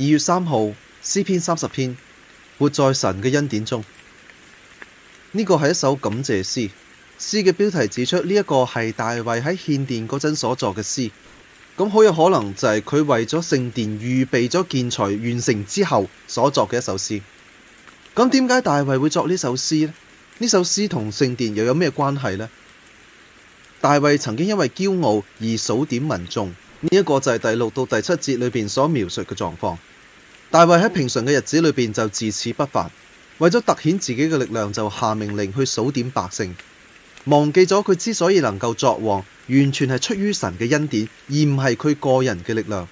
二月三號，詩篇三十篇，活在神嘅恩典中。呢個係一首感謝詩。詩嘅標題指出呢一個係大衛喺獻殿嗰陣所作嘅詩。咁好有可能就係佢為咗聖殿預備咗建材完成之後所作嘅一首詩。咁點解大衛會作呢首詩呢？呢首詩同聖殿又有咩關係呢？大衛曾經因為驕傲而數點民眾，呢一個就係第六到第七節裏邊所描述嘅狀況。大衛喺平常嘅日子裏邊就自恃不凡，為咗凸顯自己嘅力量，就下命令去數點百姓，忘記咗佢之所以能夠作王，完全係出於神嘅恩典，而唔係佢個人嘅力量。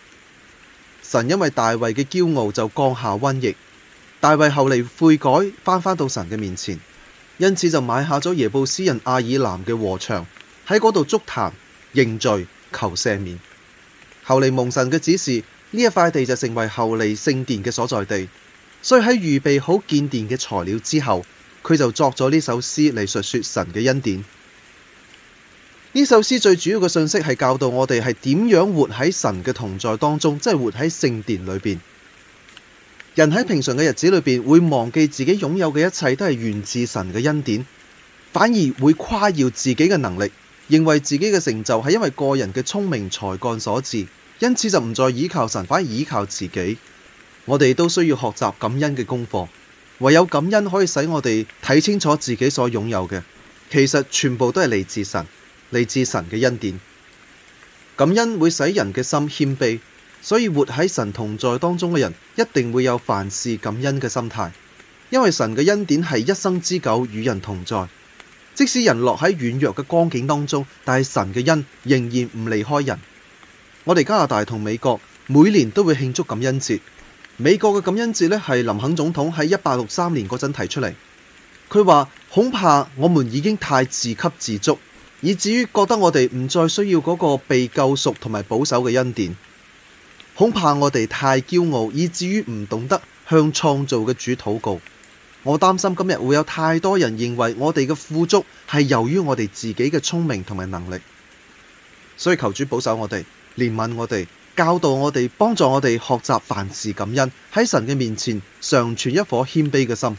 神因為大衛嘅驕傲就降下瘟疫。大衛後嚟悔改，翻返到神嘅面前，因此就買下咗耶布斯人亞爾南嘅禾場，喺嗰度築壇認罪求赦免。後嚟蒙神嘅指示。呢一塊地就成為後嚟聖殿嘅所在地，所以喺預備好建殿嘅材料之後，佢就作咗呢首詩嚟述說神嘅恩典。呢首詩最主要嘅信息係教導我哋係點樣活喺神嘅同在當中，即係活喺聖殿裏邊。人喺平常嘅日子裏邊會忘記自己擁有嘅一切都係源自神嘅恩典，反而會誇耀自己嘅能力，認為自己嘅成就係因為個人嘅聰明才幹所致。因此就唔再倚靠神，反而倚靠自己。我哋都需要學習感恩嘅功課，唯有感恩可以使我哋睇清楚自己所擁有嘅，其實全部都係嚟自神，嚟自神嘅恩典。感恩會使人嘅心謙卑，所以活喺神同在當中嘅人，一定會有凡事感恩嘅心態。因為神嘅恩典係一生之久與人同在，即使人落喺軟弱嘅光景當中，但係神嘅恩仍然唔離開人。我哋加拿大同美國每年都會慶祝感恩節。美國嘅感恩節呢，係林肯總統喺一八六三年嗰陣提出嚟。佢話，恐怕我們已經太自給自足，以至於覺得我哋唔再需要嗰個被救贖同埋保守嘅恩典。恐怕我哋太驕傲，以至於唔懂得向創造嘅主禱告。我擔心今日會有太多人認為我哋嘅富足係由於我哋自己嘅聰明同埋能力。所以求主保守我哋。憐憫我哋，教導我哋，幫助我哋學習，凡事感恩，喺神嘅面前常存一顆謙卑嘅心。